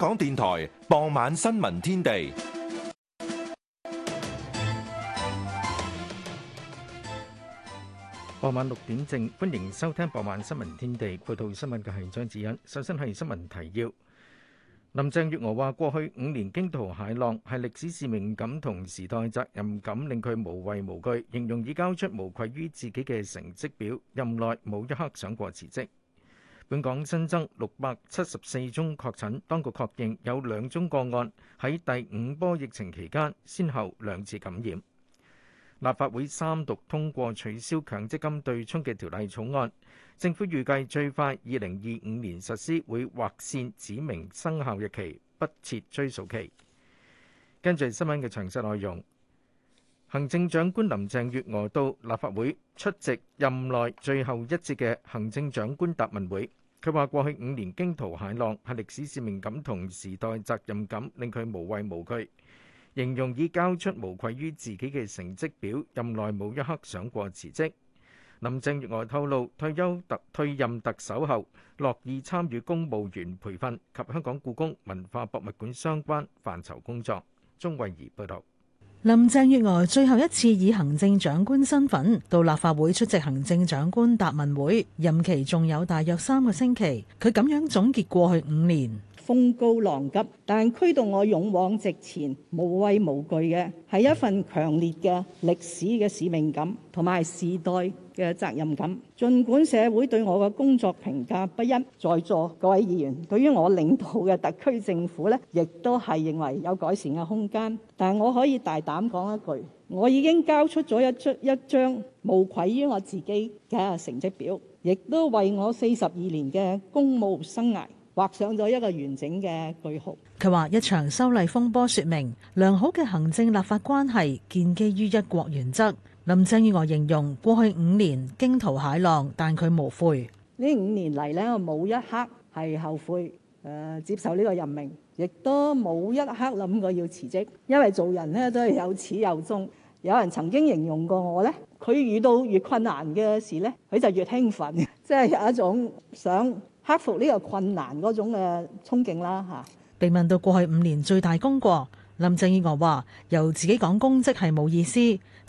香港電台傍晚新聞天地，傍晚六點正，歡迎收聽傍晚新聞天地。報道新聞嘅係張智欣。首先係新聞提要。林鄭月娥話：過去五年驚濤駭浪，係歷史使命感同時代責任感令佢無畏無懼，形容已交出無愧於自己嘅成績表，任內冇一刻想過辭職。本港新增六百七十四宗確診，當局確認有兩宗個案喺第五波疫情期間，先後兩次感染。立法會三讀通過取消強積金對沖嘅條例草案，政府預計最快二零二五年實施，會劃線指明生效日期，不設追訴期。跟住新聞嘅詳細內容，行政長官林鄭月娥到立法會出席任內最後一節嘅行政長官答問會。佢話：過去五年驚濤駭浪，係歷史使命感同時代責任感令佢無畏無懼。形容已交出無愧於自己嘅成績表，任內冇一刻想過辭職。林鄭月娥透露，退休特退任特首後，樂意參與公務員培訓及香港故宮文化博物館相關範疇工作。鐘慧儀報導。林鄭月娥最後一次以行政長官身份到立法會出席行政長官答問會，任期仲有大約三個星期。佢咁樣總結過去五年：風高浪急，但驅動我勇往直前、無畏無懼嘅，係一份強烈嘅歷史嘅使命感，同埋時代。嘅責任感，盡管社會對我嘅工作評價不一，在座各位議員對於我領導嘅特區政府咧，亦都係認為有改善嘅空間，但係我可以大膽講一句，我已經交出咗一出一張無愧於我自己嘅成績表，亦都為我四十二年嘅公務生涯畫上咗一個完整嘅句號。佢話一場修例風波，說明良好嘅行政立法關係建基於一國原則。林鄭月娥形容過去五年驚濤駭浪，但佢無悔。呢五年嚟呢，我冇一刻係後悔，誒、呃，接受呢個任命，亦都冇一刻諗過要辭職。因為做人呢都係有始有終。有人曾經形容過我呢，佢遇到越困難嘅事呢，佢就越興奮，即係有一種想克服呢個困難嗰種嘅憧憬啦。吓。被問到過去五年最大功過，林鄭月娥話由自己講功績係冇意思。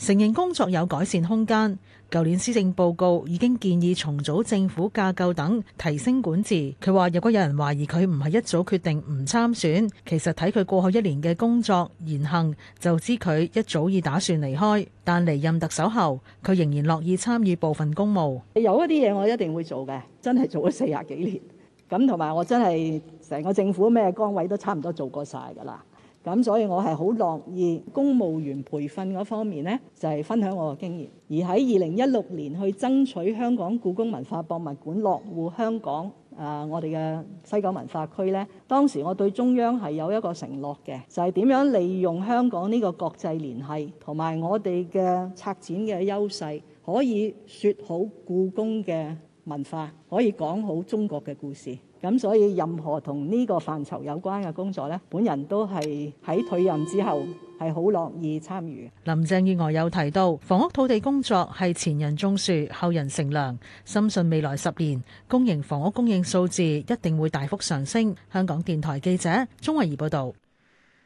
承認工作有改善空間，舊年施政報告已經建議重組政府架構等提升管治。佢話：如果有人懷疑佢唔係一早決定唔參選，其實睇佢過去一年嘅工作言行，就知佢一早已打算離開。但離任特首後，佢仍然樂意參與部分公務。有一啲嘢我一定會做嘅，真係做咗四十幾年。咁同埋我真係成個政府咩崗位都差唔多做過晒㗎啦。咁所以，我係好樂意公務員培訓嗰方面呢，就係、是、分享我嘅經驗。而喺二零一六年去爭取香港故宮文化博物館落戶香港，誒、呃，我哋嘅西九文化區呢，當時我對中央係有一個承諾嘅，就係、是、點樣利用香港呢個國際聯繫同埋我哋嘅策展嘅優勢，可以説好故宮嘅。文化可以講好中國嘅故事，咁所以任何同呢個範疇有關嘅工作咧，本人都係喺退任之後係好樂意參與。林鄭月娥有提到，房屋土地工作係前人種樹，後人乘涼，深信未來十年公營房屋供應數字一定會大幅上升。香港電台記者鍾慧儀報道。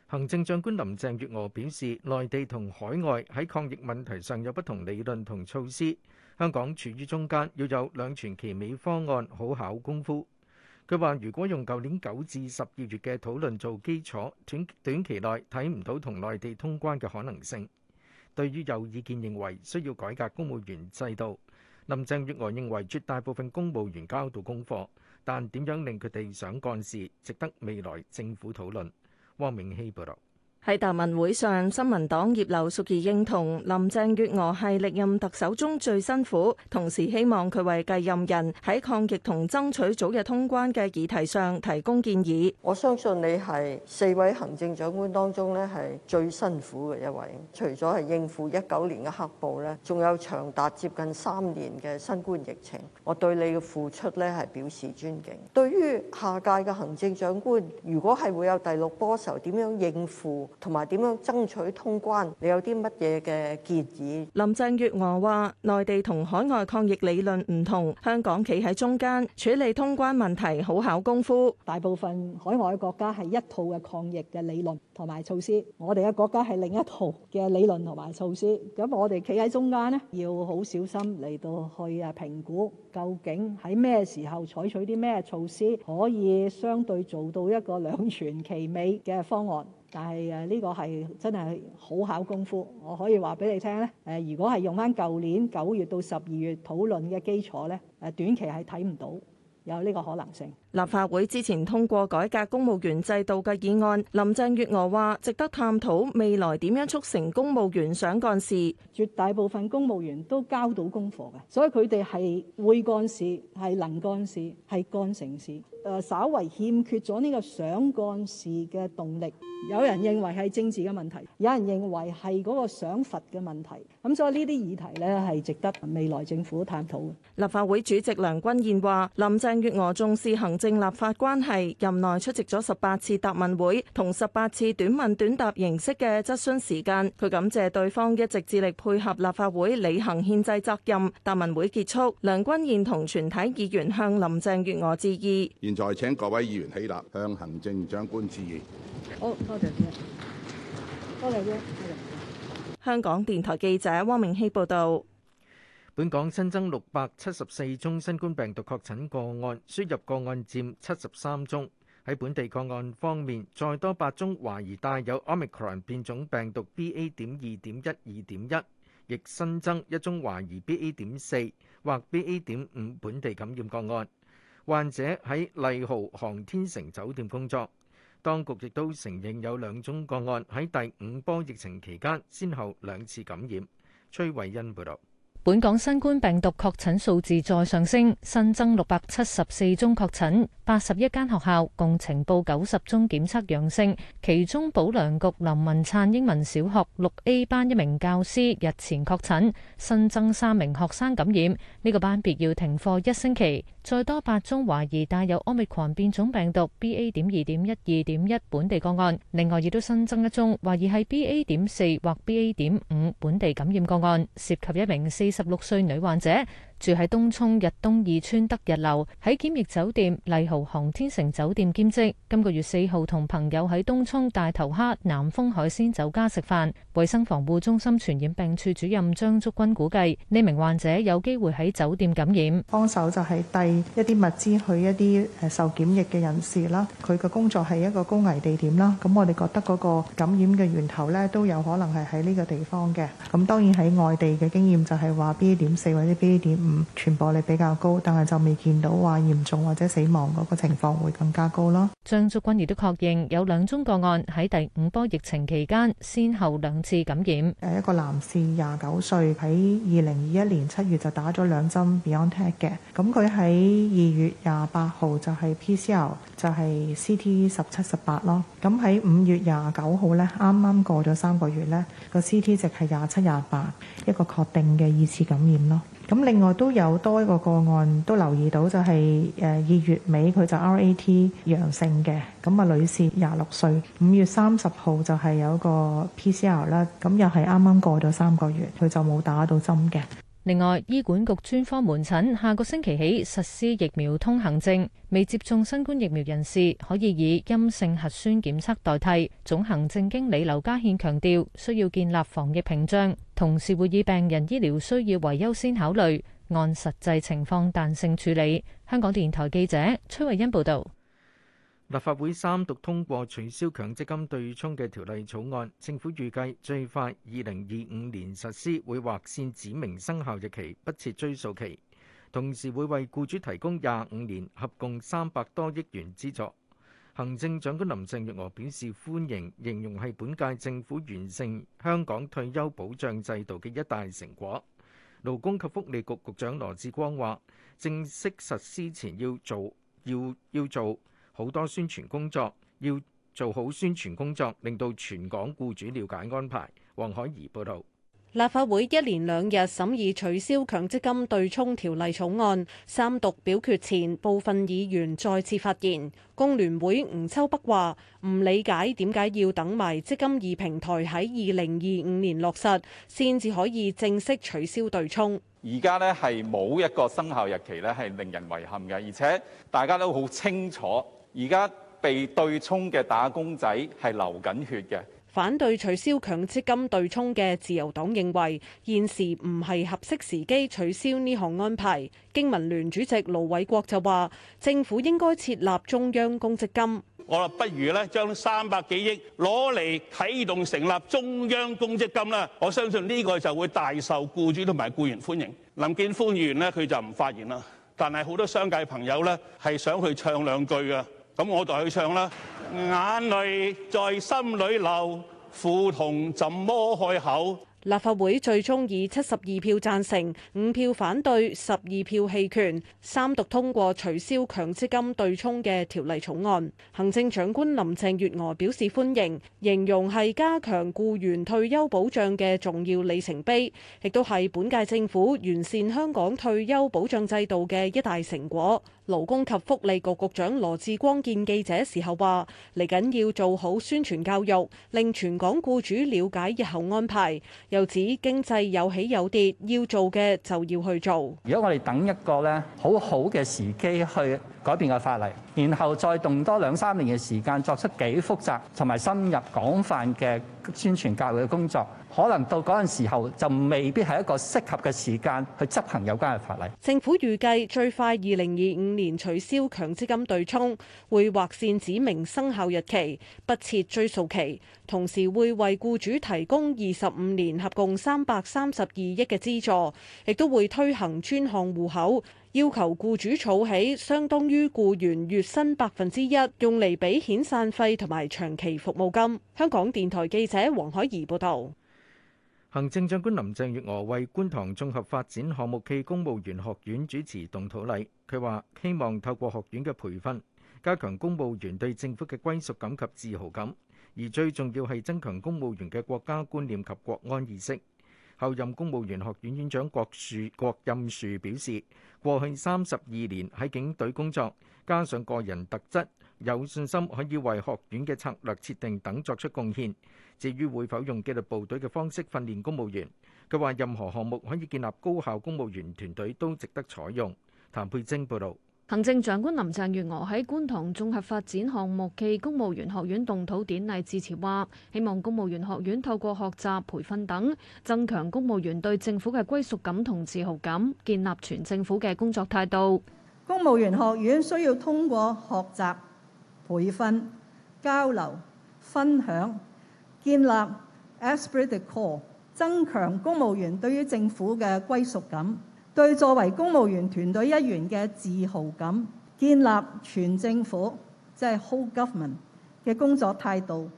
行政長官林鄭月娥表示，內地同海外喺抗疫問題上有不同理論同措施。香港處於中間，要有兩全其美方案，好考功夫。佢話：如果用舊年九至十二月嘅討論做基礎，短短期內睇唔到同內地通關嘅可能性。對於有意見認為需要改革公務員制度，林鄭月娥認為絕大部分公務員交到功課，但點樣令佢哋想幹事，值得未來政府討論。汪明熙報道。喺答問大會上，新民黨葉劉淑儀認同林鄭月娥係歷任特首中最辛苦，同時希望佢為繼任人喺抗疫同爭取早日通關嘅議題上提供建議。我相信你係四位行政長官當中咧係最辛苦嘅一位，除咗係應付一九年嘅黑暴咧，仲有長達接近三年嘅新冠疫情。我對你嘅付出咧係表示尊敬。對於下屆嘅行政長官，如果係會有第六波時候點樣應付？同埋點樣爭取通關？你有啲乜嘢嘅建議？林鄭月娥話，內地同海外抗疫理論唔同，香港企喺中間處理通關問題，好考功夫。大部分海外國家係一套嘅抗疫嘅理論同埋措施，我哋嘅國家係另一套嘅理論同埋措施。咁我哋企喺中間呢，要好小心嚟到去啊評估，究竟喺咩時候採取啲咩措施，可以相對做到一個兩全其美嘅方案。但係誒呢個係真係好考功夫，我可以話俾你聽咧。誒如果係用返舊年九月到十二月討論嘅基礎咧，誒短期係睇唔到有呢個可能性。立法會之前通過改革公務員制度嘅議案，林鄭月娥話：值得探討未來點樣促成公務員想幹事。絕大部分公務員都交到功課嘅，所以佢哋係會幹事，係能幹事，係幹成事。誒稍為欠缺咗呢個想幹事嘅動力，有人認為係政治嘅問題，有人認為係嗰個想罰嘅問題。咁所以呢啲議題呢係值得未來政府探討嘅。立法會主席梁君彥話：林鄭月娥重視行政立法關係，任內出席咗十八次答問會同十八次短問短答形式嘅質詢時間。佢感謝對方一直致力配合立法會履行憲制責任。答問會結束，梁君彥同全體議員向林鄭月娥致意。再請各位議員起立，向行政長官致意。好多謝你，多謝你。香港電台記者汪明希報道，本港新增六百七十四宗新冠病毒確診個案，輸入個案佔七十三宗。喺本地個案方面，再多八宗懷疑帶有 Omicron 變種病毒 BA 點二點一、二點一，亦新增一宗懷疑 BA 點四或 BA 點五本地感染個案。患者喺麗豪航天城酒店工作，當局亦都承認有兩宗個案喺第五波疫情期間先後兩次感染。崔慧欣報道，本港新冠病毒確診數字再上升，新增六百七十四宗確診，八十一間學校共呈報九十宗檢測陽性，其中保良局林文燦英文小學六 A 班一名教師日前確診，新增三名學生感染，呢、這個班別要停課一星期。再多八宗懷疑帶有奧密克戎變種病毒 BA 點二點一二點一本地個案，另外亦都新增一宗懷疑係 BA 點四或 BA 點五本地感染個案，涉及一名四十六歲女患者。住喺東涌日東二村德日樓，喺檢疫酒店麗豪航天城酒店兼職。今個月四號同朋友喺東涌大頭蝦南豐海鮮酒家食飯。衛生防護中心傳染病處主任張竹君估計，呢名患者有機會喺酒店感染。幫手就係遞一啲物資去一啲誒受檢疫嘅人士啦。佢嘅工作係一個高危地點啦。咁我哋覺得嗰個感染嘅源頭呢，都有可能係喺呢個地方嘅。咁當然喺外地嘅經驗就係話 B. 點四或者 B. 點五。傳播率比較高，但係就未見到話嚴重或者死亡嗰個情況會更加高咯。張竹君亦都確認有兩宗個案喺第五波疫情期間，先後兩次感染。誒一個男士廿九歲，喺二零二一年七月就打咗兩針 BioNTech 嘅。咁佢喺二月廿八號就係 PCR，就係 CT 十七十八咯。咁喺五月廿九號呢，啱啱過咗三個月呢，個 CT 值係廿七廿八，28, 一個確定嘅二次感染咯。咁另外都有多一個個案都留意到，就係誒二月尾佢就 RAT 陽性嘅，咁啊女士廿六歲，五月三十號就係有個 PCR 啦，咁又係啱啱過咗三個月，佢就冇打到針嘅。另外，醫管局專科門診下個星期起實施疫苗通行證，未接種新冠疫苗人士可以以陰性核酸檢測代替。總行政經理劉家憲強調，需要建立防疫屏障，同時會以病人醫療需要為優先考慮，按實際情況彈性處理。香港電台記者崔慧欣報道。立法會三讀通過取消強積金對沖嘅條例草案，政府預計最快二零二五年實施，會劃線指明生效日期，不設追溯期，同時會為僱主提供廿五年合共三百多億元資助。行政長官林鄭月娥表示歡迎，形容係本屆政府完成香港退休保障制度嘅一大成果。勞工及福利局局長羅致光話：正式實施前要做要要做。好多宣傳工作要做好，宣傳工作令到全港雇主了解安排。黃海怡報導，立法會一連兩日審議取消強積金對沖條例草案，三讀表決前，部分議員再次發言。工聯會吳秋北話：唔理解點解要等埋積金二平台喺二零二五年落實，先至可以正式取消對沖。而家呢係冇一個生效日期呢，係令人遺憾嘅，而且大家都好清楚。而家被對沖嘅打工仔係流緊血嘅。反對取消強積金對沖嘅自由黨認為，現時唔係合適時機取消呢項安排。經民聯主席盧偉國就話，政府應該設立中央公積金。我話不如咧，將三百幾億攞嚟啟動成立中央公積金啦。我相信呢個就會大受雇主同埋雇員歡迎。林建歡議員咧，佢就唔發言啦。但係好多商界朋友咧，係想去唱兩句噶。咁我就去唱啦，眼淚在心裏流，苦痛怎麼開口？立法會最終以七十二票贊成、五票反對、十二票棄權，三讀通過取消強積金對沖嘅條例草案。行政長官林鄭月娥表示歡迎，形容係加強僱員退休保障嘅重要里程碑，亦都係本屆政府完善香港退休保障制度嘅一大成果。勞工及福利局局長羅志光見記者時候話：嚟緊要做好宣傳教育，令全港僱主了解日後安排。又指經濟有起有跌，要做嘅就要去做。如果我哋等一個咧好好嘅時機去。改變嘅法例，然後再動多兩三年嘅時間，作出幾複雜同埋深入廣泛嘅宣傳教育嘅工作，可能到嗰陣時候就未必係一個適合嘅時間去執行有關嘅法例。政府預計最快二零二五年取消強積金對沖，會劃線指明生效日期，不設追溯期，同時會為僱主提供二十五年合共三百三十二億嘅資助，亦都會推行專項戶口。要求僱主儲起相當於僱員月薪百分之一，用嚟俾遣散費同埋長期服務金。香港電台記者黃海怡報道。行政長官林鄭月娥為觀塘綜合發展項目暨公務員學院主持動土禮，佢話：希望透過學院嘅培訓，加強公務員對政府嘅歸屬感及自豪感，而最重要係增強公務員嘅國家觀念及國安意識。候任公務員學院院長郭蔭郭蔭庶表示，過去三十二年喺警隊工作，加上個人特質，有信心可以為學院嘅策略設定等作出貢獻。至於會否用紀律部隊嘅方式訓練公務員，佢話任何項目可以建立高效公務員團隊都值得採用。譚佩晶報道。行政長官林鄭月娥喺觀塘綜合發展項目暨公務員學院動土典禮致辭話，希望公務員學院透過學習培訓等，增強公務員對政府嘅歸屬感同自豪感，建立全政府嘅工作態度。公務員學院需要通過學習、培訓、交流、分享，建立 esprit de corps，增強公務員對於政府嘅歸屬感。對作為公務員團隊一員嘅自豪感，建立全政府即係 whole government 嘅工作態度，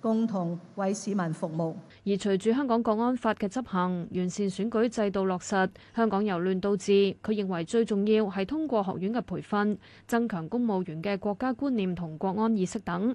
共同為市民服務。而隨住香港國安法嘅執行，完善選舉制度，落實香港由亂到治，佢認為最重要係通過學院嘅培訓，增強公務員嘅國家觀念同國安意識等。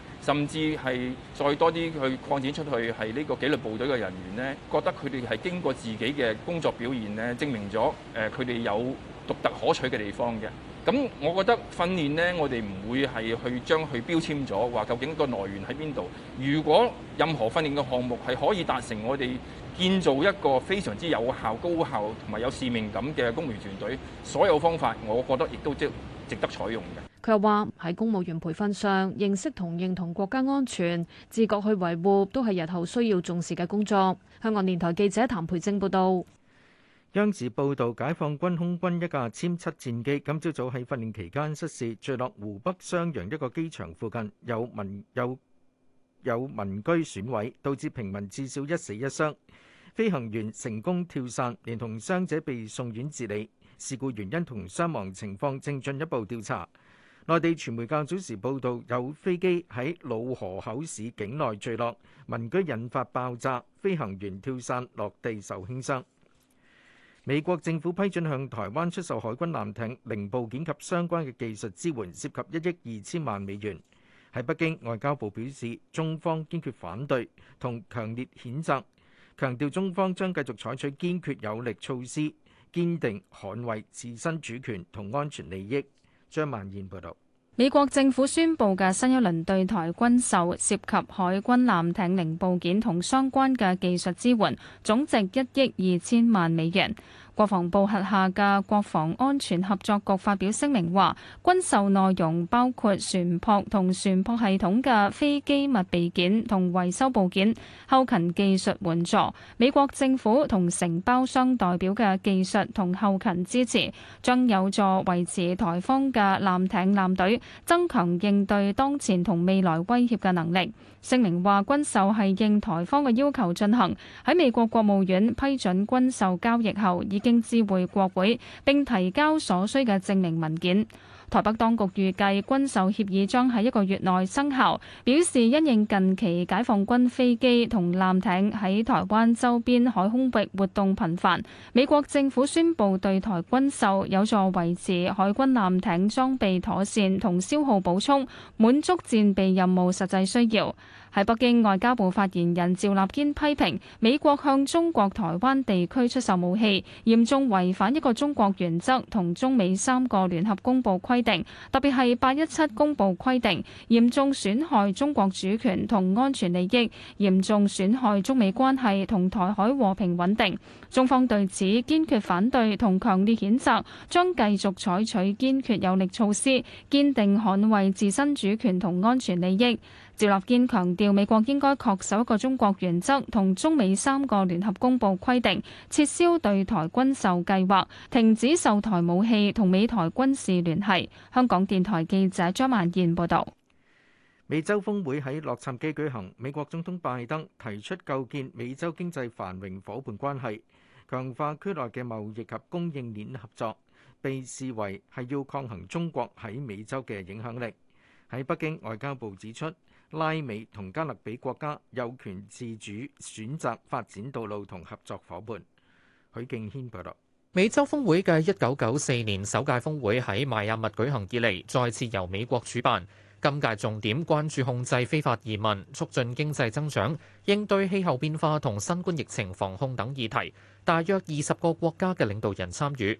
甚至係再多啲去擴展出去，係呢個紀律部隊嘅人員呢，覺得佢哋係經過自己嘅工作表現呢，證明咗誒佢哋有獨特可取嘅地方嘅。咁我覺得訓練呢，我哋唔會係去將佢標籤咗，話究竟個來源喺邊度。如果任何訓練嘅項目係可以達成我哋建造一個非常之有效、高效同埋有使命感嘅公務員團隊，所有方法我覺得亦都招值得採用嘅。佢又話：喺公務員培訓上，認識同認同國家安全，自覺去維護，都係日後需要重視嘅工作。香港電台記者譚培正報導。央視報導：解放軍空軍一架殲七戰機，今朝早喺訓練期間失事，墜落湖北襄陽一個機場附近，有民有有民居損毀，導致平民至少一死一傷。飛行員成功跳傘，連同傷者被送院治理。事故原因同傷亡情況正進一步調查。內地傳媒較早時報道，有飛機喺老河口市境內墜落，民居引發爆炸，飛行員跳傘落地受輕傷。美國政府批准向台灣出售海軍艦艇零部件及相關嘅技術支援，涉及一億二千萬美元。喺北京，外交部表示，中方堅決反對，同強烈譴責，強調中方將繼續採取堅決有力措施。堅定捍衞自身主權同安全利益。張萬燕報導，美國政府宣布嘅新一輪對台軍售涉及海軍艦艇零部件同相關嘅技術支援，總值一億二千萬美元。國防部轄下嘅國防安全合作局發表聲明話，軍售內容包括船舶同船舶系統嘅非機密備件同維修部件、後勤技術援助、美國政府同承包商代表嘅技術同後勤支持，將有助維持台方嘅艦艇艦隊，增強應對當前同未來威脅嘅能力。聲明話軍售係應台方嘅要求進行，喺美國國務院批准軍售交易後，已經知會國會並提交所需嘅證明文件。台北當局預計軍售協議將喺一個月內生效，表示因應近期解放軍飛機同艦艇喺台灣周邊海空域活動頻繁，美國政府宣布對台軍售有助維持海軍艦艇裝備妥善同消耗補充，滿足戰備任務實際需要。喺北京，外交部發言人趙立堅批評美國向中國台灣地區出售武器，嚴重違反一個中國原則同中美三個聯合公報規定，特別係八一七公報規定，嚴重損害中國主權同安全利益，嚴重損害中美關係同台海和平穩定。中方對此堅決反對同強烈譴責，將繼續採取堅決有力措施，堅定捍衛自身主權同安全利益。趙立堅強調，美國應該恪守一個中國原則，同中美三個聯合公報規定，撤銷對台軍售計劃，停止售台武器，同美台軍事聯繫。香港電台記者張曼燕報道。美洲峰會喺洛杉磯舉行，美國總統拜登提出構建美洲經濟繁榮伙伴關係，強化區內嘅貿易及供應鏈合作，被視為係要抗衡中國喺美洲嘅影響力。喺北京外交部指出。拉美同加勒比國家有權自主選擇發展道路同合作夥伴。許敬軒報道。美洲峰會嘅一九九四年首屆峰會喺邁阿密舉行以嚟，再次由美國主辦。今屆重點關注控制非法移民、促進經濟增長、應對氣候變化同新冠疫情防控等議題。大約二十個國家嘅領導人參與。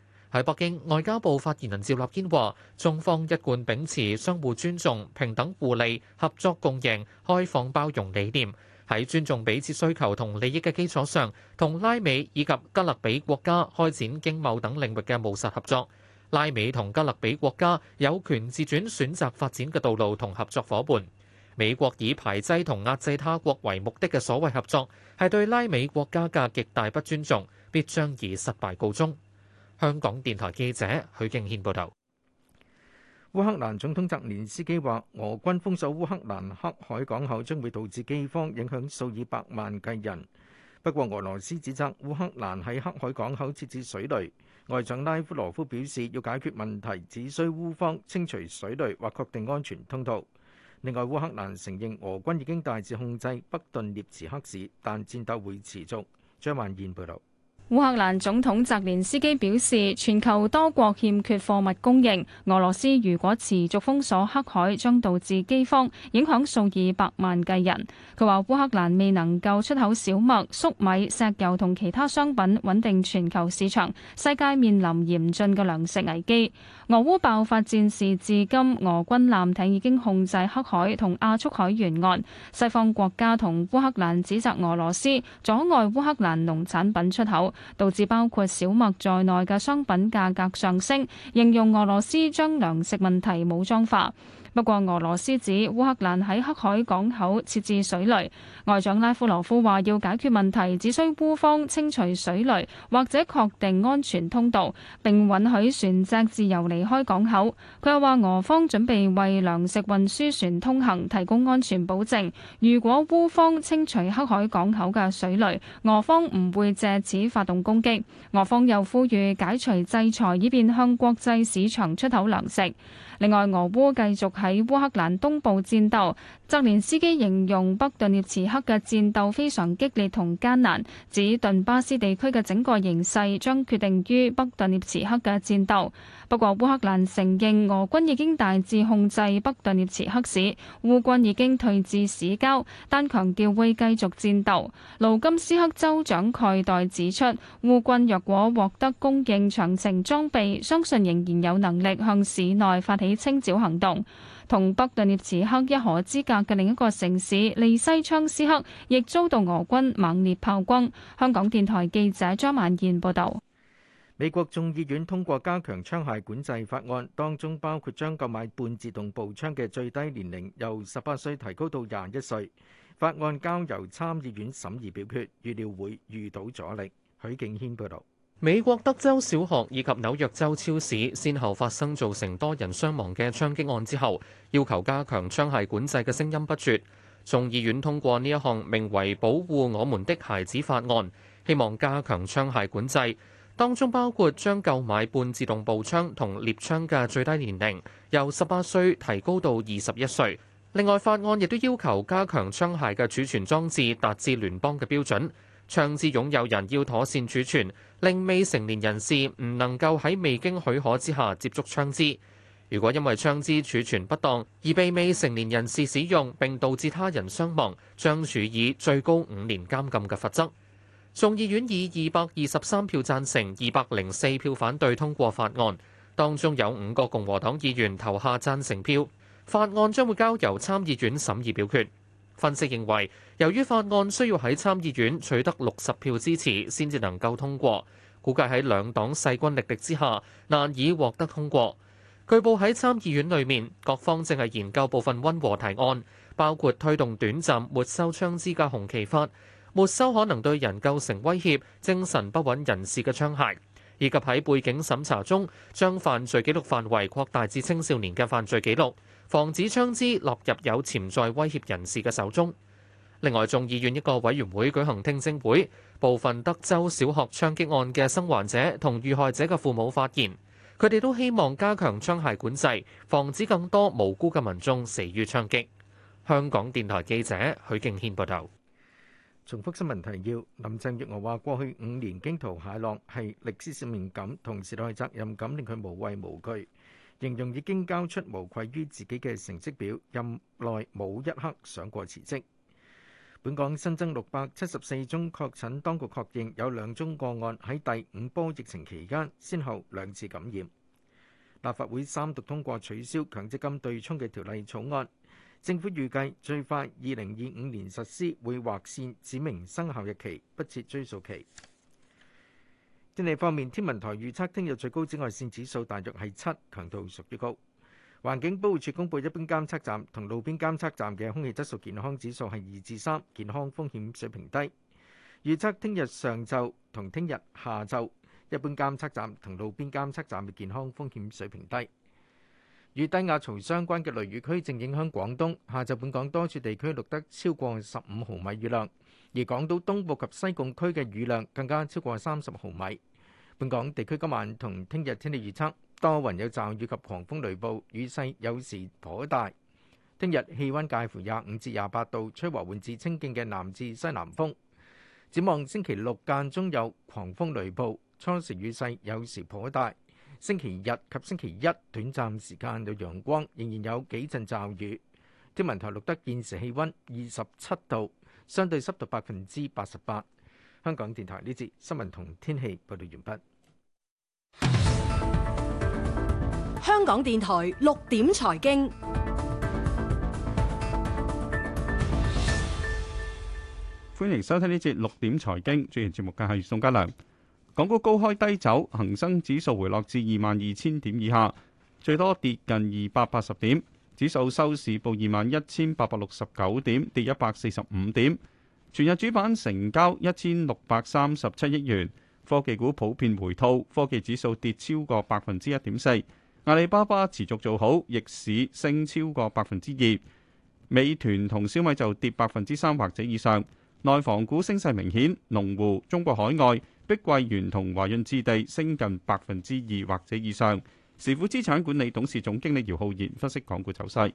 喺北京，外交部發言人趙立堅話，中方一貫秉持相互尊重、平等互利、合作共贏、開放包容理念，喺尊重彼此需求同利益嘅基礎上，同拉美以及加勒比國家開展經貿等領域嘅務實合作。拉美同加勒比國家有權自主選擇發展嘅道路同合作伙伴。美國以排擠同壓制他國為目的嘅所謂合作，係對拉美國家嘅極大不尊重，必將以失敗告終。香港電台記者許敬軒報道：烏克蘭總統澤連斯基話，俄軍封鎖烏克蘭黑海港口將會導致饑荒，影響數以百萬計人。不過俄羅斯指責烏克蘭喺黑海港口設置水雷。外長拉夫羅夫表示，要解決問題，只需烏方清除水雷或確定安全通道。另外，烏克蘭承認俄軍已經大致控制北頓涅茨克市，但戰鬥會持續。張曼燕報道。烏克蘭總統澤連斯基表示，全球多國欠缺貨物供應。俄羅斯如果持續封鎖黑海，將導致饑荒，影響數以百萬計人。佢話：烏克蘭未能夠出口小麥、粟米、石油同其他商品，穩定全球市場。世界面臨嚴峻嘅糧食危機。俄烏爆發戰事至今，俄軍艦艇已經控制黑海同亞速海沿岸，西方國家同烏克蘭指責俄羅斯阻礙烏克蘭農產品出口。導致包括小麥在內嘅商品價格上升，形容俄羅斯將糧食問題武裝化。不過，俄羅斯指烏克蘭喺黑海港口設置水雷。外長拉夫羅夫話：要解決問題，只需烏方清除水雷，或者確定安全通道，並允許船隻自由離開港口。佢又話，俄方準備為糧食運輸船通行提供安全保證。如果烏方清除黑海港口嘅水雷，俄方唔會借此發動攻擊。俄方又呼籲解除制裁，以便向國際市場出口糧食。另外，俄烏繼續喺烏克蘭東部戰鬥。澤連斯基形容北頓涅茨克嘅戰鬥非常激烈同艱難，指頓巴斯地區嘅整個形勢將決定於北頓涅茨克嘅戰鬥。不過，烏克蘭承認俄軍已經大致控制北頓涅茨克市，烏軍已經退至市郊，但強調會繼續戰鬥。盧金斯克州長蓋代指出，烏軍若果獲得供應長程裝備，相信仍然有能力向市內發起清剿行動，同北頓涅茨克一河之隔嘅另一個城市利西昌斯克，亦遭到俄軍猛烈炮轟。香港電台記者張萬燕報道。美國眾議院通過加強槍械管制法案，當中包括將購買半自動步槍嘅最低年齡由十八歲提高到廿一歲。法案交由參議院審議表決，預料會遇到阻力。許敬軒報道。美國德州小學以及紐約州超市先後發生造成多人傷亡嘅槍擊案之後，要求加強槍械管制嘅聲音不絕。眾議院通過呢一項名為《保護我們的孩子法案》，希望加強槍械管制，當中包括將購買半自動步槍同獵槍嘅最低年齡由十八歲提高到二十一歲。另外，法案亦都要求加強槍械嘅儲存裝置達至聯邦嘅標準。槍支擁有人要妥善儲存，令未成年人士唔能夠喺未經許可之下接觸槍支。如果因為槍支儲存不當而被未成年人士使用並導致他人傷亡，將處以最高五年監禁嘅罰則。眾議院以二百二十三票贊成、二百零四票反對通過法案，當中有五個共和黨議員投下贊成票。法案將會交由參議院審議表決。分析認為，由於法案需要喺參議院取得六十票支持先至能夠通過，估計喺兩黨勢均力敵之下，難以獲得通過。據報喺參議院裏面，各方正係研究部分溫和提案，包括推動短暫沒收槍支嘅《紅旗法》，沒收可能對人構成威脅、精神不穩人士嘅槍械，以及喺背景審查中將犯罪記錄範圍擴大至青少年嘅犯罪記錄。防止槍支落入有潛在威脅人士嘅手中。另外，眾議院一個委員會舉行聽證會，部分德州小學槍擊案嘅生還者同遇害者嘅父母發言，佢哋都希望加強槍械管制，防止更多無辜嘅民眾死於槍擊。香港電台記者許敬軒報道。重複新聞提要，林鄭月娥話：過去五年驚濤駭浪係歷史使命感，同時帶責任感，令佢無畏無懼。形容已經交出無愧於自己嘅成績表，任內冇一刻想過辭職。本港新增六百七十四宗確診，當局確認有兩宗個案喺第五波疫情期間，先後兩次感染。立法會三讀通過取消強積金對沖嘅條例草案，政府預計最快二零二五年實施，會劃線指明生效日期，不設追溯期。天氣方面，天文台預測聽日最高紫外線指數大約係七，強度屬於高。環境保護署公布，一般監測站同路邊監測站嘅空氣質素健康指數係二至三，健康風險水平低。預測聽日上晝同聽日下晝，一般監測站同路邊監測站嘅健康風險水平低。與低壓槽相關嘅雷雨區正影響廣東，下晝本港多處地區錄得超過十五毫米雨量。而港島東部及西貢區嘅雨量更加超過三十毫米。本港地區今晚同聽日天氣預測，多雲有驟雨及狂風雷暴，雨勢有時頗大。聽日氣溫介乎廿五至廿八度，吹和緩至清勁嘅南至西南風，展望星期六間中有狂風雷暴，初時雨勢有時頗大。星期日及星期一短暫時間有陽光，仍然有幾陣驟雨。天文台錄得現時氣溫二十七度。相對濕度百分之八十八。香港電台呢節新聞同天氣報道完畢。香港電台六點財經，歡迎收聽呢節六點財經。主持節目嘅係宋家良。港股高開低走，恒生指數回落至二萬二千點以下，最多跌近二百八十點。指數收市報二萬一千八百六十九點，跌一百四十五點。全日主板成交一千六百三十七億元。科技股普遍回吐，科技指數跌超過百分之一點四。阿里巴巴持續做好，逆市升超過百分之二。美團同小米就跌百分之三或者以上。內房股升勢明顯，龍湖、中國海外、碧桂園同華潤置地升近百分之二或者以上。時富資產管理董事總經理姚浩然分析港股走勢。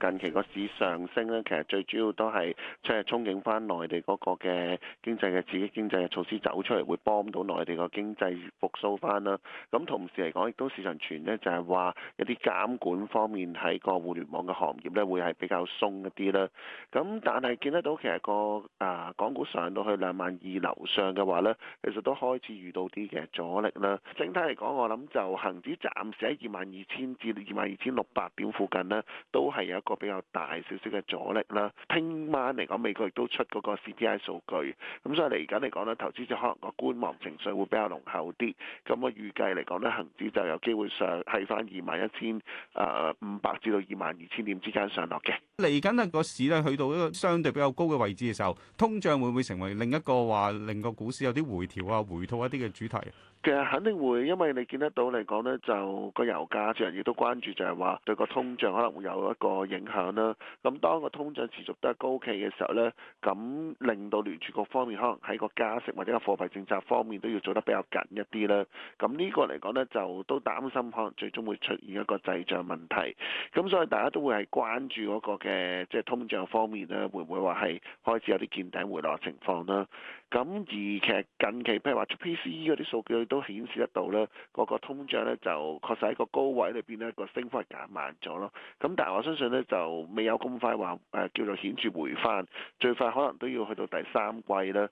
近期個市上升咧，其實最主要都係即係憧憬翻內地嗰個嘅經濟嘅刺激經濟嘅措施走出嚟，會幫到內地個經濟復甦翻啦。咁同時嚟講，亦都市場傳咧，就係話一啲監管方面喺個互聯網嘅行業咧，會係比較鬆一啲啦。咁但係見得到其實個啊港股上到去兩萬二樓上嘅話咧，其實都開始遇到啲嘅阻力啦。整體嚟講，我諗就恆指暫時喺二萬二千至二萬二千六百點附近呢，都係有。個比較大少少嘅阻力啦。聽晚嚟講，美國亦都出嗰個 CPI 數據，咁所以嚟緊嚟講咧，投資者可能個觀望情緒會比較濃厚啲。咁、那、我、個、預計嚟講咧，恒指就有機會上係翻二萬一千啊五百至到二萬二千點之間上落嘅。嚟緊呢個市咧，去到一個相對比較高嘅位置嘅時候，通脹會唔會成為另一個話令個股市有啲回調啊、回吐一啲嘅主題？其實肯定會，因為你見得到嚟講呢，就個油價，最近亦都關注，就係話對個通脹可能會有一個影響啦。咁當個通脹持續得高企嘅時候呢，咁令到聯儲局方面可能喺個加息或者個貨幣政策方面都要做得比較緊一啲啦。咁呢個嚟講呢，就都擔心可能最終會出現一個滯脹問題。咁所以大家都會係關注嗰個嘅即係通脹方面呢，會唔會話係開始有啲見頂回落情況啦？咁而其實近期，譬如話出 PCE 嗰啲數據都顯示得到咧，個個通脹咧就確實喺個高位裏面，呢個升幅係減慢咗咯。咁但係我相信咧，就未有咁快話誒叫做顯著回翻，最快可能都要去到第三季啦。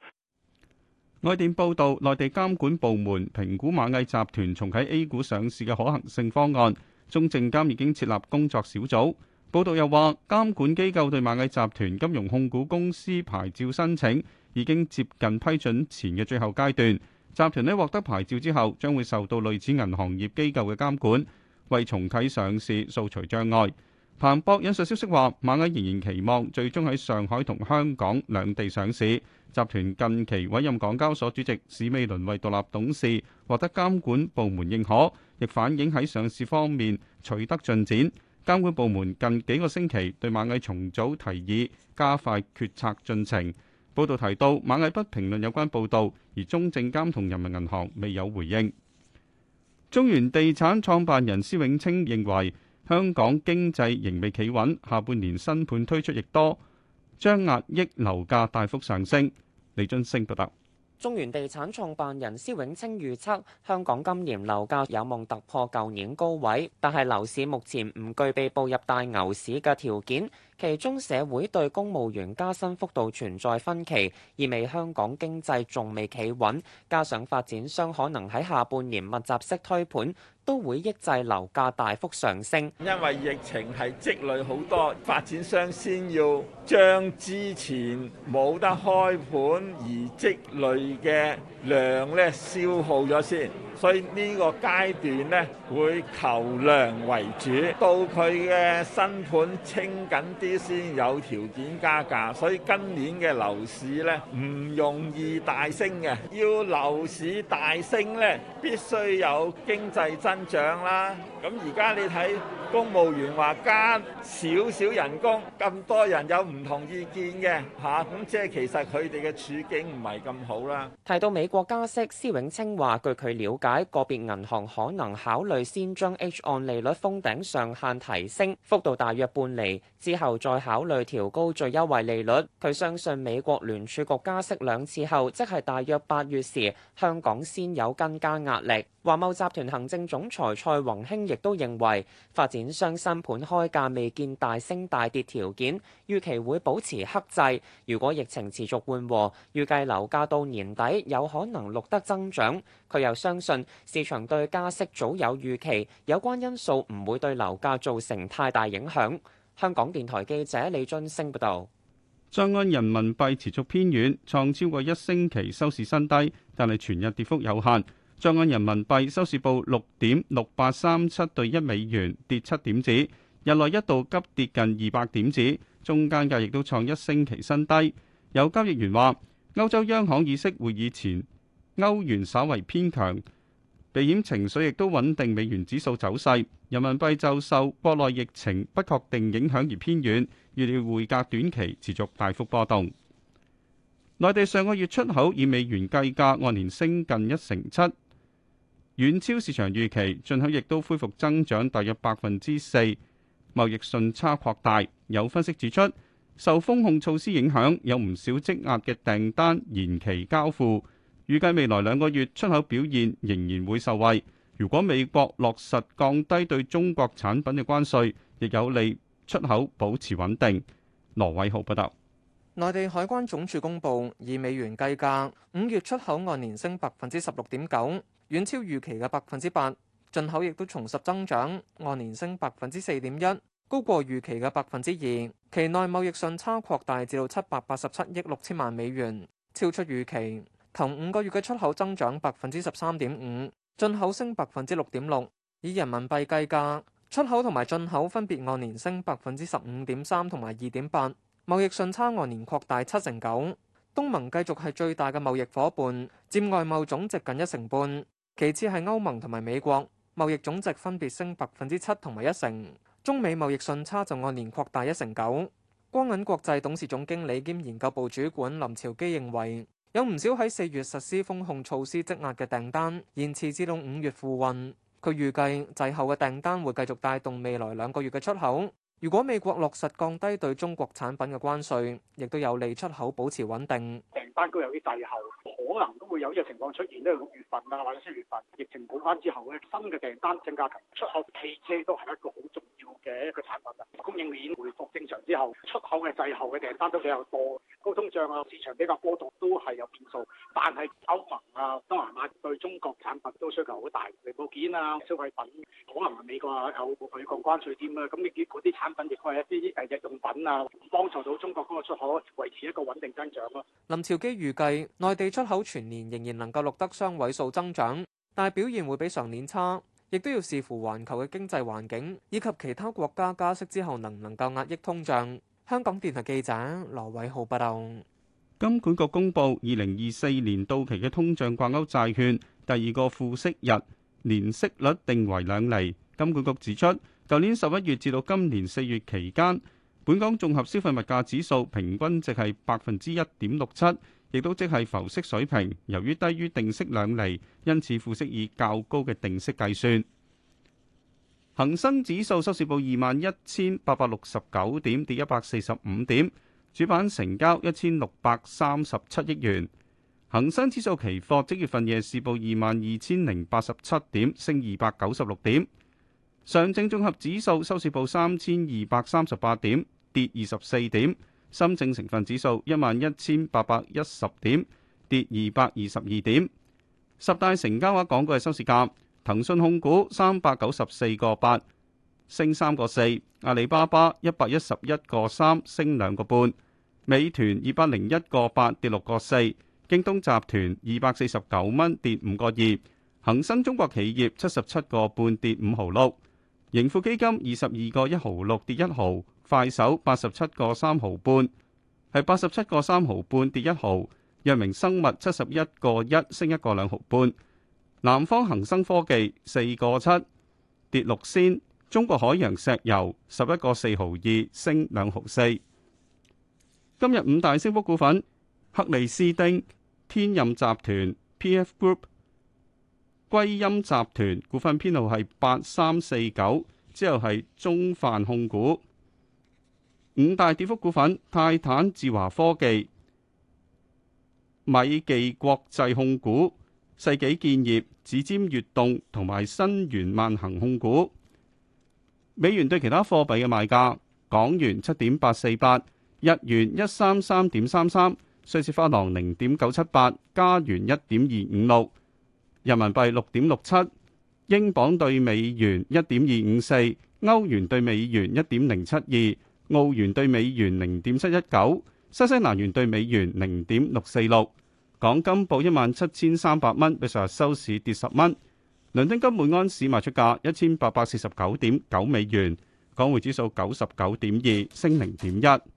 外電報道，內地監管部門評估螞蟻集團重啟 A 股上市嘅可行性方案，中證監已經設立工作小組。報道又話，監管機構對螞蟻集團金融控股公司牌照申請已經接近批准前嘅最後階段。集團喺獲得牌照之後，將會受到類似銀行業機構嘅監管，為重啟上市掃除障礙。彭博引述消息話，螞蟻仍然期望最終喺上海同香港兩地上市。集團近期委任港交所主席史美倫為獨立董事，獲得監管部門認可，亦反映喺上市方面取得進展。監管部門近幾個星期對螞蟻重組提議，加快決策進程。報道提到，螞蟻不評論有關報導，而中證監同人民銀行未有回應。中原地產創辦人施永青認為，香港經濟仍未企穩，下半年新盤推出亦多，將壓抑樓價大幅上升。李津升報道。中原地產創辦人施永青預測，香港今年樓價有望突破舊年高位，但係樓市目前唔具備步入大牛市嘅條件。其中社會對公務員加薪幅度存在分歧，意味香港經濟仲未企穩。加上發展商可能喺下半年密集式推盤，都會抑制樓價大幅上升。因為疫情係積累好多發展商，先要將之前冇得開盤而積累嘅量咧消耗咗先，所以呢個階段咧會求量為主，到佢嘅新盤清緊啲。先有條件加價，所以今年嘅樓市咧唔容易大升嘅。要樓市大升咧，必須有經濟增長啦。咁而家你睇。公務員話加少少人工，咁多人有唔同意見嘅吓，咁即係其實佢哋嘅處境唔係咁好啦。提到美國加息，施永青話：據佢瞭解，個別銀行可能考慮先將 H 按利率封頂上限提升幅度大約半釐，之後再考慮調高最優惠利率。佢相信美國聯儲局加息兩次後，即係大約八月時，香港先有更加壓力。華懋集團行政總裁蔡宏興亦都認為發展。券商新盤開價未見大升大跌條件，預期會保持克制。如果疫情持續緩和，預計樓價到年底有可能錄得增長。佢又相信市場對加息早有預期，有關因素唔會對樓價造成太大影響。香港電台記者李津升報道。滲岸人民幣持續偏軟，創超過一星期收市新低，但係全日跌幅有限。在岸人民幣收市報六點六八三七對一美元，跌七點子。日內一度急跌近二百點子，中間價亦都創一星期新低。有交易員話：歐洲央行議息會議前，歐元稍為偏強，避險情緒亦都穩定美元指數走勢。人民幣就受國內疫情不確定影響而偏軟，預料匯價短期持續大幅波動。內地上個月出口以美元計價，按年升近一成七。遠超市場預期，進口亦都恢復增長，大約百分之四。貿易順差擴大。有分析指出，受封控措施影響，有唔少積壓嘅訂單延期交付。預計未來兩個月出口表現仍然會受惠。如果美國落實降低對中國產品嘅關稅，亦有利出口保持穩定。羅偉豪報道，內地海關總署公佈，以美元計價，五月出口按年升百分之十六點九。遠超預期嘅百分之八，進口亦都重拾增長，按年升百分之四點一，高過預期嘅百分之二。期內貿易順差擴大至到七百八十七億六千萬美元，超出預期。頭五個月嘅出口增長百分之十三點五，進口升百分之六點六，以人民幣計價，出口同埋進口分別按年升百分之十五點三同埋二點八，貿易順差按年擴大七成九。東盟繼續係最大嘅貿易夥伴，佔外貿總值近一成半。其次係歐盟同埋美國貿易總值分別升百分之七同埋一成，中美貿易順差就按年擴大一成九。光銀國際董事總經理兼研究部主管林朝基認為，有唔少喺四月實施封控措施積壓嘅訂單延遲至到五月付運，佢預計滯後嘅訂單會繼續帶動未來兩個月嘅出口。如果美國落實降低對中國產品嘅關稅，亦都有利出口保持穩定。訂單都有啲滯後，可能都會有一個情況出現，都係六月份啊，或者七月份，月份疫情好翻之後嘅新嘅訂單增加。出口汽車都係一個好重要嘅一個產品啊，供應鏈回復正常之後，出口嘅滯後嘅訂單都比較多。高通脹啊，市場比較波動都係有變數，但係歐盟啊、東南亞啊對中國產品都需求好大，零部件啊、消費品可能係美國有佢降關稅添。啊，咁你嗰啲產品產品亦或係一啲誒日用品啊，幫助到中國嗰個出口維持一個穩定增長咯。林朝基預計，內地出口全年仍然能夠錄得雙位數增長，但係表現會比上年差，亦都要視乎環球嘅經濟環境以及其他國家加息之後能唔能夠壓抑通脹。香港電台記者羅偉浩報道。金管局公布二零二四年到期嘅通脹掛鈎債券第二個付息日，年息率定為兩厘，金管局指出，舊年十一月至到今年四月期間，本港綜合消費物價指數平均值係百分之一點六七，亦都即係浮息水平。由於低於定息兩厘，因此付息以較高嘅定息計算。恒生指數收市報二萬一千八百六十九點，跌一百四十五點。主板成交一千六百三十七億元。恒生指數期貨即月份夜市報二萬二千零八十七點，升二百九十六點。上證綜合指數收市報三千二百三十八點，跌二十四點。深證成分指數一萬一千八百一十點，跌二百二十二點。十大成交額港股嘅收市價：騰訊控股三百九十四個八，升三個四；阿里巴巴一百一十一個三，升兩個半；美團二百零一個八，跌六個四；京東集團二百四十九蚊，跌五個二；恒生中國企業七十七個半，跌五毫六。盈富基金二十二個一毫六，跌一毫，快手八十七個三毫半，係八十七個三毫半，跌一毫，藥明生物七十一個一，升一個兩毫半，南方恒生科技四個七，跌六仙，中國海洋石油十一個四毫二，升兩毫四。今日五大升幅股份：克利斯丁、天任集團、PF Group。歸音集團股份編號係八三四九，之後係中泛控股。五大跌幅股份：泰坦智華科技、米記國際控股、世紀建業、指尖悅動同埋新源萬行控股。美元對其他貨幣嘅賣價：港元七點八四八，日元一三三點三三，瑞士法郎零點九七八，加元一點二五六。人民幣六點六七，英鎊兌美元一點二五四，歐元兌美元一點零七二，澳元兌美元零點七一九，新西蘭元兌美元零點六四六。港金報一萬七千三百蚊，比上日收市跌十蚊。倫敦金每安士賣出價一千八百四十九點九美元，港匯指數九十九點二升零點一。